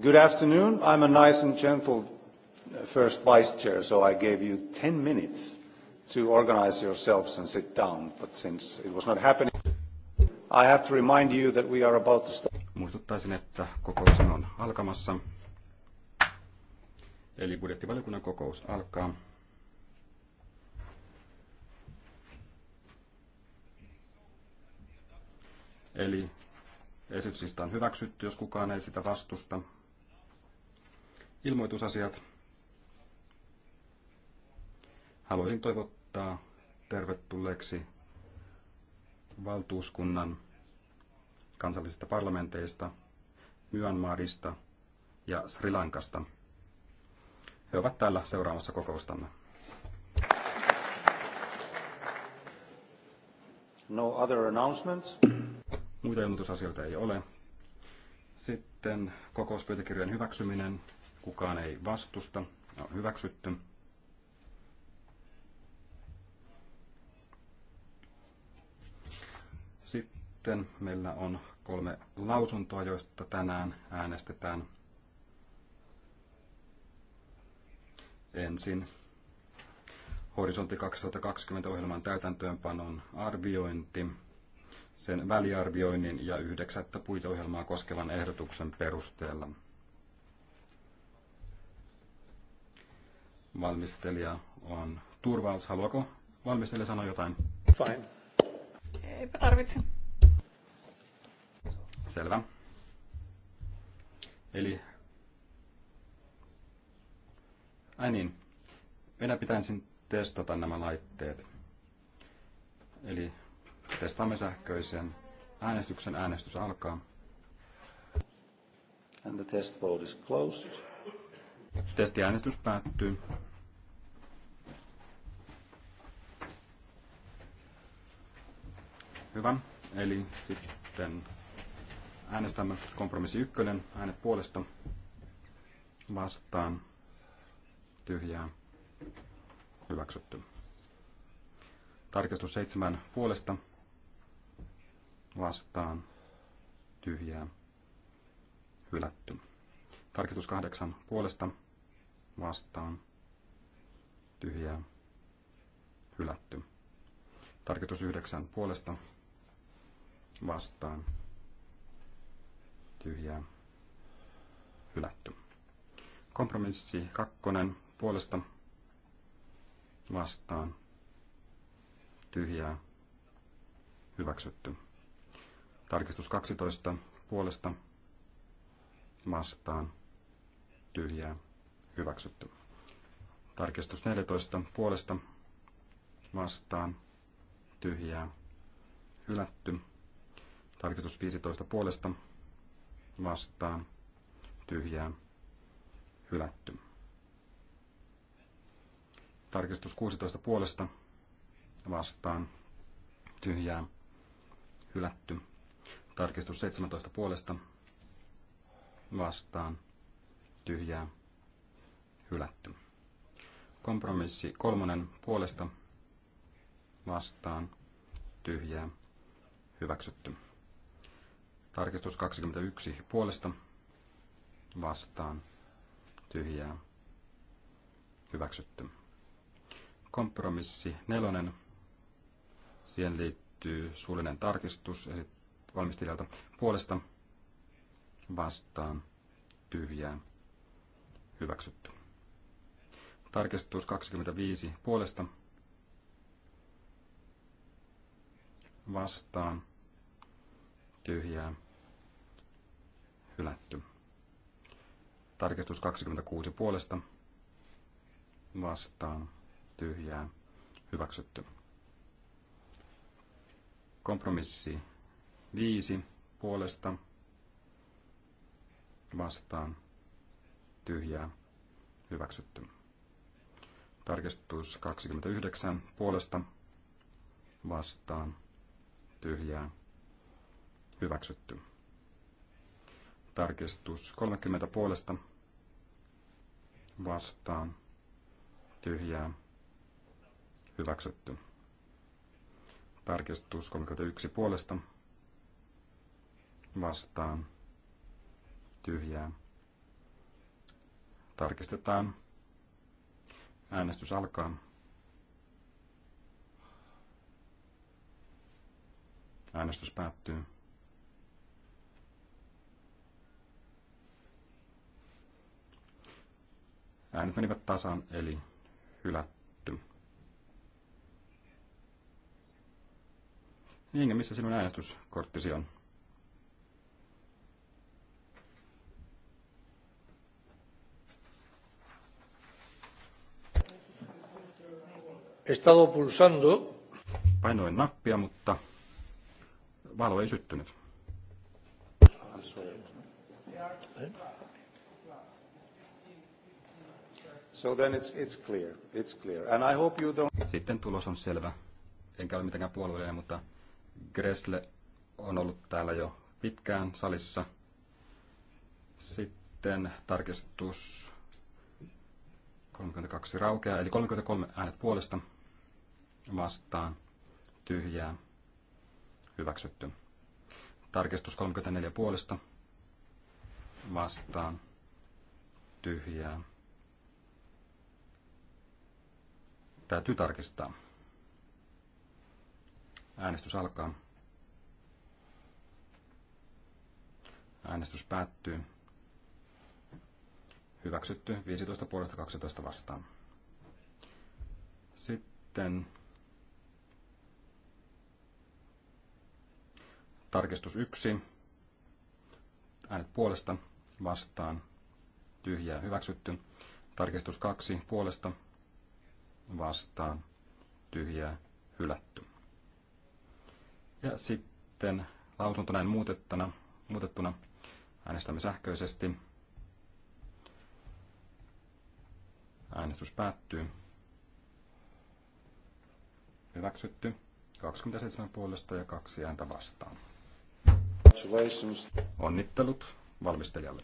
Good afternoon. I'm a nice and gentle uh, first vice chair, so I gave you 10 minutes to organize yourselves and sit down. But since it was not happening, I have to remind you that we are about to start. Muistuttaisin, että kokous on alkamassa. Eli budjettivaliokunnan kokous alkaa. Eli esitysistä on hyväksytty, jos kukaan ei sitä vastusta ilmoitusasiat. Haluaisin toivottaa tervetulleeksi valtuuskunnan kansallisista parlamenteista, Myanmarista ja Sri Lankasta. He ovat täällä seuraamassa kokoustamme. No other announcements. Muita ilmoitusasioita ei ole. Sitten kokouspöytäkirjojen hyväksyminen Kukaan ei vastusta. on hyväksytty. Sitten meillä on kolme lausuntoa, joista tänään äänestetään. Ensin Horisontti 2020 ohjelman täytäntöönpanon arviointi, sen väliarvioinnin ja yhdeksättä puiteohjelmaa koskevan ehdotuksen perusteella. valmistelija on turvaus. Haluaako valmistelija sanoa jotain? Fine. Eipä tarvitse. Selvä. Eli... Ai niin. Meidän pitäisi testata nämä laitteet. Eli testaamme sähköisen äänestyksen. Äänestys alkaa. And the test vote is closed. Testiäänestys päättyy. Hyvä. Eli sitten äänestämme kompromissi ykkönen, äänet puolesta vastaan, tyhjää, hyväksytty. Tarkistus seitsemän puolesta vastaan, tyhjää, hylätty. Tarkistus kahdeksan puolesta vastaan tyhjää hylätty. Tarkoitus yhdeksän puolesta vastaan tyhjää hylätty. Kompromissi kakkonen puolesta vastaan tyhjää hyväksytty. Tarkistus 12 puolesta vastaan tyhjää hyväksytty. Tarkistus 14 puolesta vastaan tyhjää hylätty. Tarkistus 15 puolesta vastaan tyhjää hylätty. Tarkistus 16 puolesta vastaan tyhjää hylätty. Tarkistus 17 puolesta vastaan tyhjää hylätty hylätty. Kompromissi kolmonen puolesta vastaan tyhjää hyväksytty. Tarkistus 21 puolesta vastaan tyhjää hyväksytty. Kompromissi nelonen. Siihen liittyy suullinen tarkistus eli valmistelijalta puolesta vastaan tyhjää hyväksytty. Tarkistus 25 puolesta vastaan tyhjää hylätty. Tarkistus 26 puolesta vastaan tyhjää hyväksytty. Kompromissi 5 puolesta vastaan tyhjää hyväksytty. Tarkistus 29 puolesta vastaan tyhjää hyväksytty. Tarkistus 30 puolesta vastaan tyhjää hyväksytty. Tarkistus 31 puolesta vastaan tyhjää. Tarkistetaan Äänestys alkaa. Äänestys päättyy. Äänet menivät tasan, eli hylätty. Inge, missä sinun äänestyskorttisi on? estado pulsando. Painoin nappia, mutta valo ei syttynyt. So then it's, it's clear. It's clear. And I hope you don't... Sitten tulos on selvä. Enkä ole mitenkään puolueellinen, mutta Gressle on ollut täällä jo pitkään salissa. Sitten tarkistus 32 raukeaa, eli 33 äänet puolesta vastaan tyhjää hyväksytty. Tarkistus 34 puolesta vastaan tyhjää. Täytyy tarkistaa. Äänestys alkaa. Äänestys päättyy. Hyväksytty 15 puolesta 12 vastaan. Sitten Tarkistus 1. Äänet puolesta vastaan tyhjää hyväksytty. Tarkistus 2. Puolesta vastaan tyhjää hylätty. Ja sitten lausunto näin muutettuna, muutettuna äänestämme sähköisesti. Äänestys päättyy. Hyväksytty. 27 puolesta ja kaksi ääntä vastaan. Congratulations. Onnittelut valmistajalle.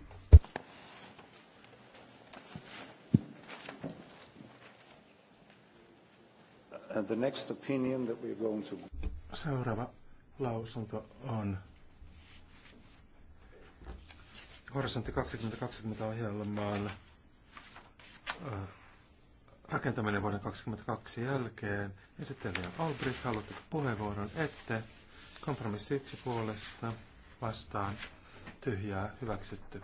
And the next opinion that we're going to... Seuraava lausunto on Horisontti 2020 ohjelmaan äh, rakentaminen vuoden 2022 jälkeen. Esittelijä Albrecht, haluatteko puheenvuoron ette? Kompromissi yksi puolesta vastaan tyhjää hyväksytty.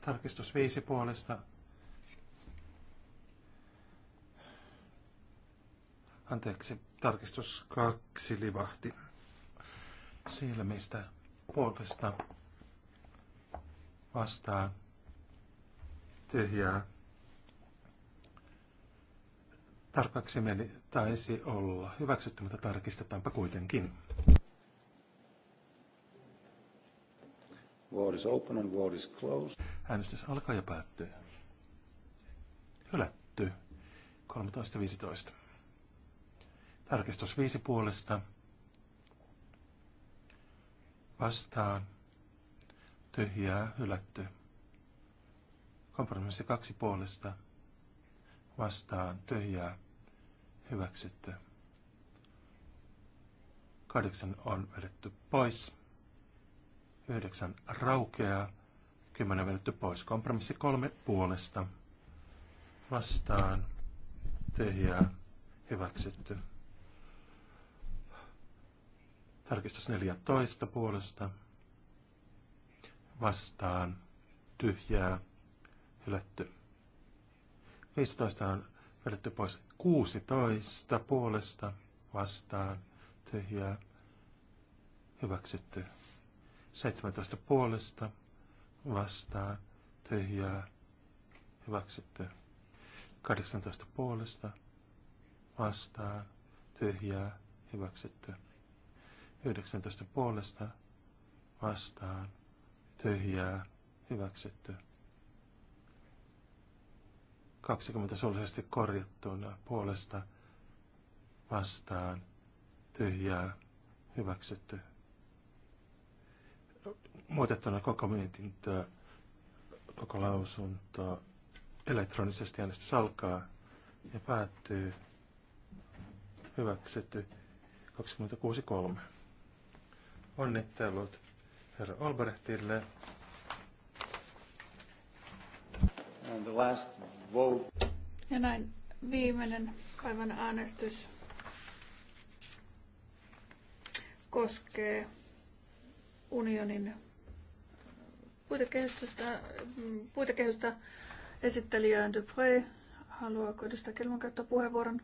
Tarkistus viisi puolesta. Anteeksi, tarkistus kaksi livahti silmistä puolesta vastaan tyhjää. Tarkaksi meni taisi olla hyväksytty, mutta tarkistetaanpa kuitenkin. Vote is open and vote is closed. Äänestys alkaa ja päättyy. Hylätty. 13.15. Tarkistus 5 puolesta. Vastaan. Tyhjää. Hylätty. Kompromissi 2 puolesta. Vastaan. Tyhjää. Hyväksytty. Kahdeksan on vedetty pois. 9 raukeaa, 10 vedetty pois. Kompromissi 3 puolesta vastaan tyhjää hyväksytty. Tarkistus 14 puolesta vastaan tyhjää hylätty. 15 on vedetty pois 16 puolesta vastaan tyhjää hyväksytty. 17 puolesta vastaa tyhjää hyväksytty. 18 puolesta vastaa tyhjää hyväksytty. 19 puolesta vastaan tyhjää hyväksytty. 20 suullisesti korjattuna puolesta vastaan tyhjää hyväksytty muutettuna koko mietintöä, koko lausuntoa elektronisesti äänestys alkaa ja päättyy hyväksytty 26.3. Onnittelut herra Olbrechtille. And the last vote. Ja näin viimeinen päivän äänestys koskee unionin puitekehystä, mm, puitekehystä esittelijä Dupré. Haluaako edustaja Kelman käyttää puheenvuoron?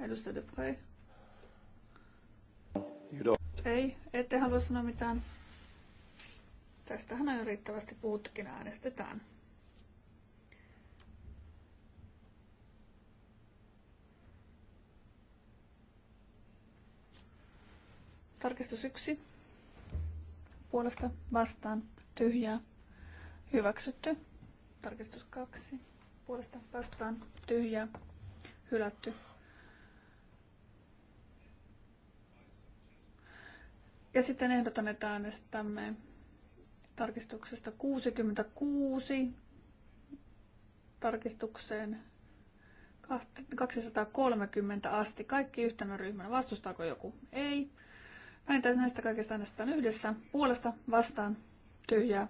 Edustaja Dupré. Ei, ette halua sanoa mitään. Tästähän on jo riittävästi puhuttukin äänestetään. Tarkistus 1 puolesta vastaan tyhjää hyväksytty. Tarkistus kaksi puolesta vastaan tyhjää hylätty. Ja sitten ehdotan, että äänestämme tarkistuksesta 66 tarkistukseen 230 asti. Kaikki yhtenä ryhmänä. Vastustaako joku? Ei. Näitä näistä kaikista äänestetään yhdessä. Puolesta vastaan tyhjää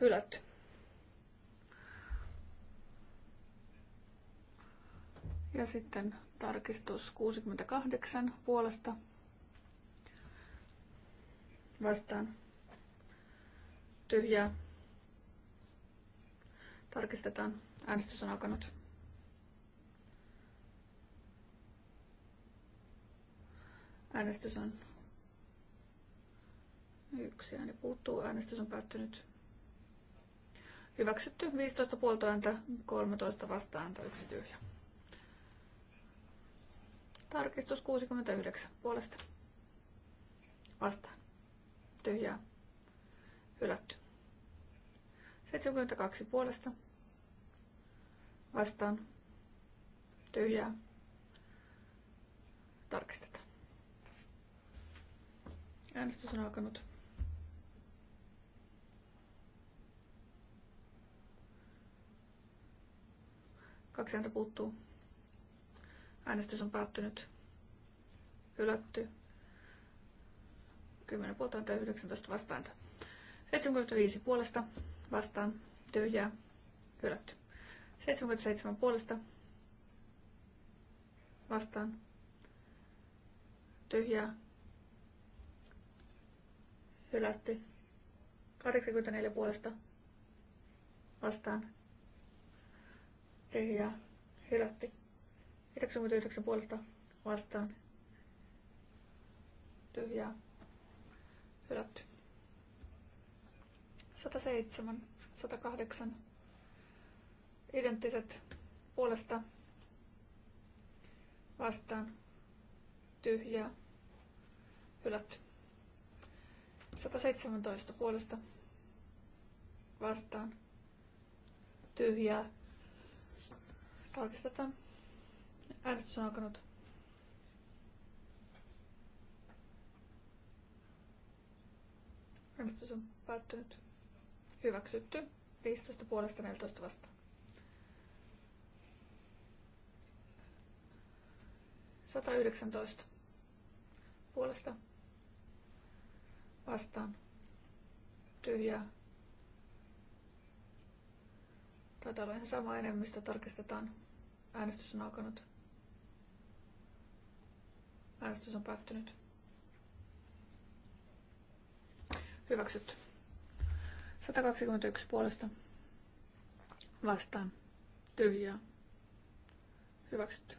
hylätty. Ja sitten tarkistus 68 puolesta vastaan tyhjää. Tarkistetaan. Äänestys on alkanut. Äänestys on Yksi ääni puuttuu. Äänestys on päättynyt. Hyväksytty 15 puoltoääntä, 13 vastaääntä, yksi tyhjä. Tarkistus 69 puolesta. Vastaan. Tyhjää. Hylätty. 72 puolesta. Vastaan. Tyhjää. Tarkistetaan. Äänestys on alkanut. Kaksi ääntä puuttuu. Äänestys on päättynyt. Hylätty. 10 puolta ääntä, 19 vastaanta. 75 puolesta vastaan. Tyhjää. Hylätty. 77 puolesta vastaan. Tyhjää. Hylätty. 84 puolesta vastaan tyhjää hylätti, 99 puolesta vastaan tyhjää hylätty. 107, 108 identtiset puolesta vastaan tyhjää hylätty. 117 puolesta vastaan tyhjää Tarkistetaan. Äänestys on alkanut. Äänestys on päättynyt. Hyväksytty. 15 puolesta 14 vastaan. yhdeksäntoista puolesta vastaan tyhjää. Taitaa olla ihan sama enemmistö, tarkistetaan Äänestys on alkanut. Äänestys on päättynyt. Hyväksytty. 121 puolesta. Vastaan. Tyhjää. Hyväksytty.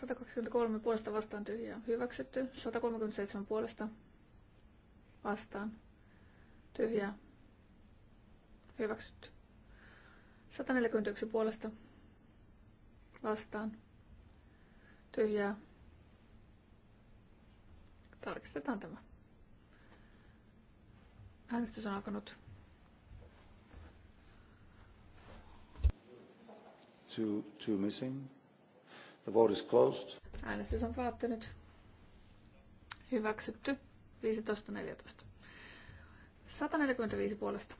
123 puolesta vastaan tyhjää. Hyväksytty. 137 puolesta vastaan tyhjää. Hyväksytty. 141 puolesta vastaan. Tyhjää. Tarkistetaan tämä. Äänestys on alkanut. Two, two missing. The vote is closed. Äänestys on päättynyt. Hyväksytty. 15.14. 145 puolesta.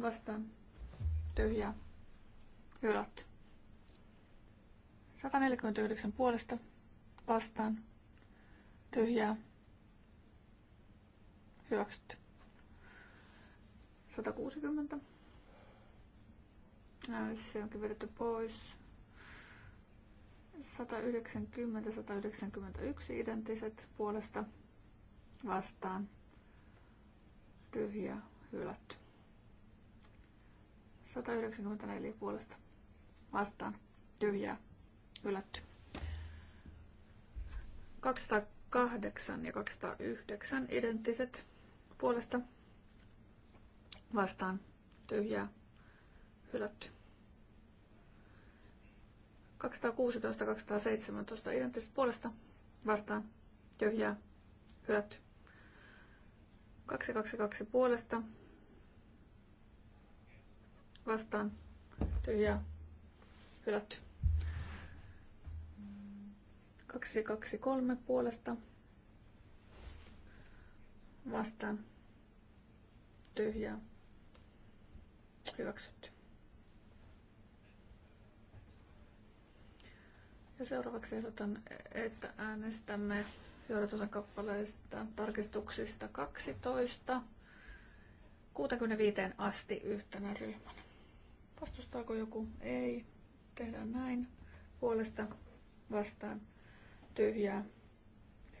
Vastaan. Tyhjää. Hylätty. 149 puolesta vastaan. Tyhjää. Hyväksytty. 160. Näin, se onkin vedetty pois. 190, 191 identtiset puolesta vastaan. Tyhjä, hylätty. 194 puolesta vastaan tyhjää Ylätty. 208 ja 209 identtiset puolesta vastaan tyhjää hylätty. 216 217 identtiset puolesta vastaan tyhjää hylätty. 222 puolesta vastaan tyhjää pelätty. 2 2 3 puolesta. Vastaan. Tyhjää. Hyväksytty. Ja seuraavaksi ehdotan, että äänestämme johdatusosakappaleista tarkistuksista 12 65 asti yhtenä ryhmänä. Vastustaako joku? Ei. Tehdään näin. Puolesta vastaan tyhjää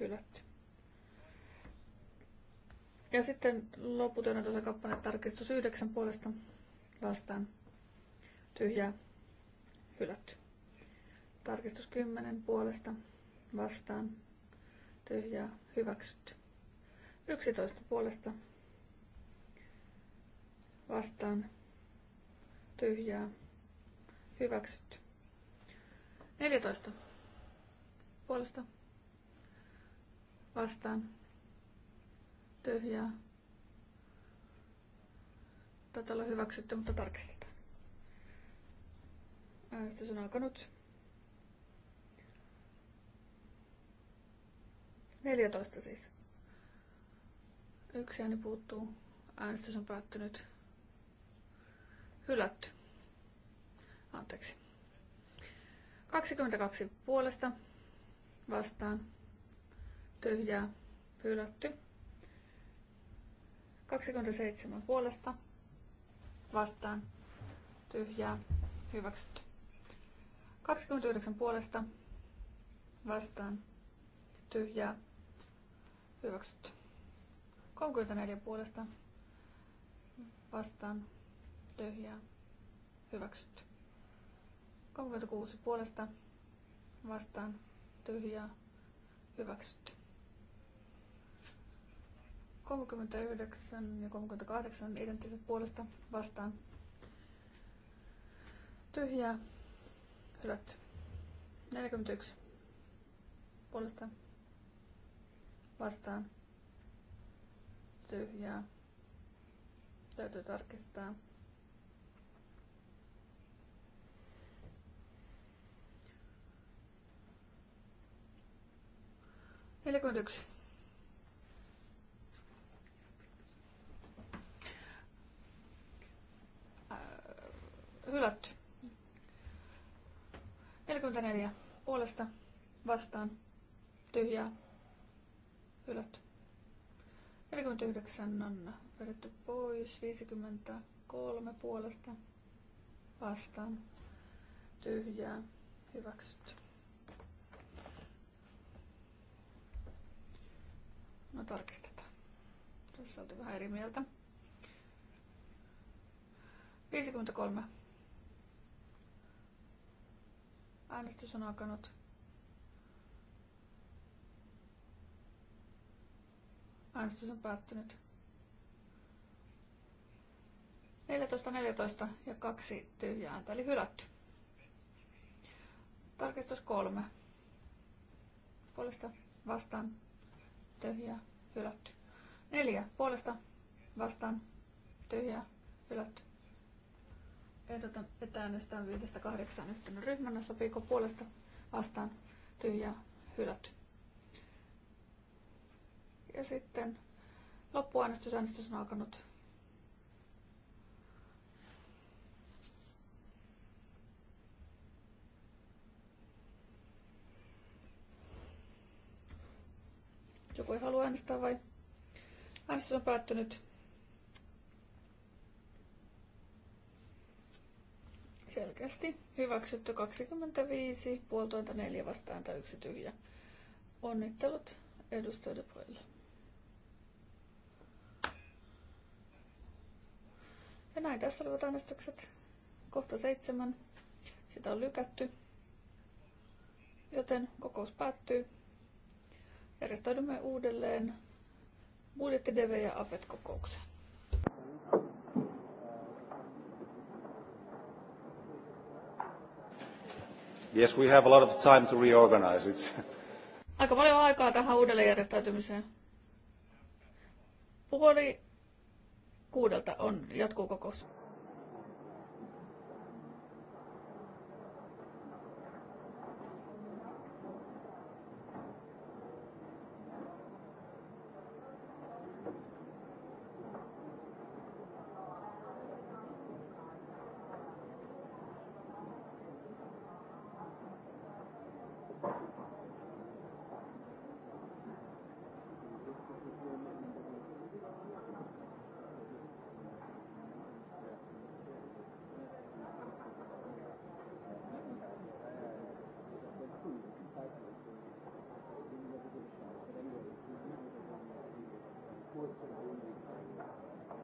hylätty. Ja sitten lopputyönä tuossa kappale tarkistus yhdeksän puolesta vastaan tyhjää hylätty. Tarkistus 10 puolesta vastaan tyhjää hyväksytty. 11 puolesta vastaan tyhjää Hyväksytty. 14. Puolesta. Vastaan. Tyhjää. tätä on hyväksytty, mutta tarkistetaan. Äänestys on alkanut. 14 siis. Yksi ääni puuttuu. Äänestys on päättynyt. Hylätty. Anteeksi. 22 puolesta vastaan. Tyhjää. Hylätty. 27 puolesta vastaan. Tyhjää. Hyväksytty. 29 puolesta vastaan. Tyhjää. Hyväksytty. 34 puolesta vastaan. Tyhjää. Hyväksytty. 36 puolesta vastaan tyhjää hyväksytty. 39 ja 38 identtiset puolesta vastaan tyhjää hylätty. 41 puolesta vastaan tyhjää. Täytyy tarkistaa. 41. Äh, hylätty. 44. Puolesta vastaan. Tyhjää. Hylätty. 49 Nanna vedetty pois, 53 puolesta vastaan, tyhjää, hyväksytty. No tarkistetaan. Tässä oltiin vähän eri mieltä. 53. Äänestys on alkanut. Äänestys on päättynyt. 14, 14 ja kaksi tyhjää ääntä, eli hylätty. Tarkistus kolme. Puolesta vastaan tyhjä hylätty. Neljä puolesta vastaan, tyhjä hylätty. Ehdotan, että äänestetään viidestä kahdeksaan yhtenä ryhmänä. Sopiiko puolesta vastaan, tyhjä hylätty. Ja sitten loppuäänestysäänestys on alkanut Joku ei halua äänestää vai? Äänestys on päättynyt. Selkeästi hyväksytty 25, puoltointa neljä vastaan tai yksi tyhjä. Onnittelut edustajille. Ja näin tässä olivat äänestykset. Kohta seitsemän. Sitä on lykätty. Joten kokous päättyy. Järjestäydymme uudelleen budjetti-DV ja AFET-kokoukseen. Yes, we have a lot of time to reorganize it. Aika paljon aikaa tähän uudelleenjärjestäytymiseen. Puoli kuudelta on jatkuu kokous. kurz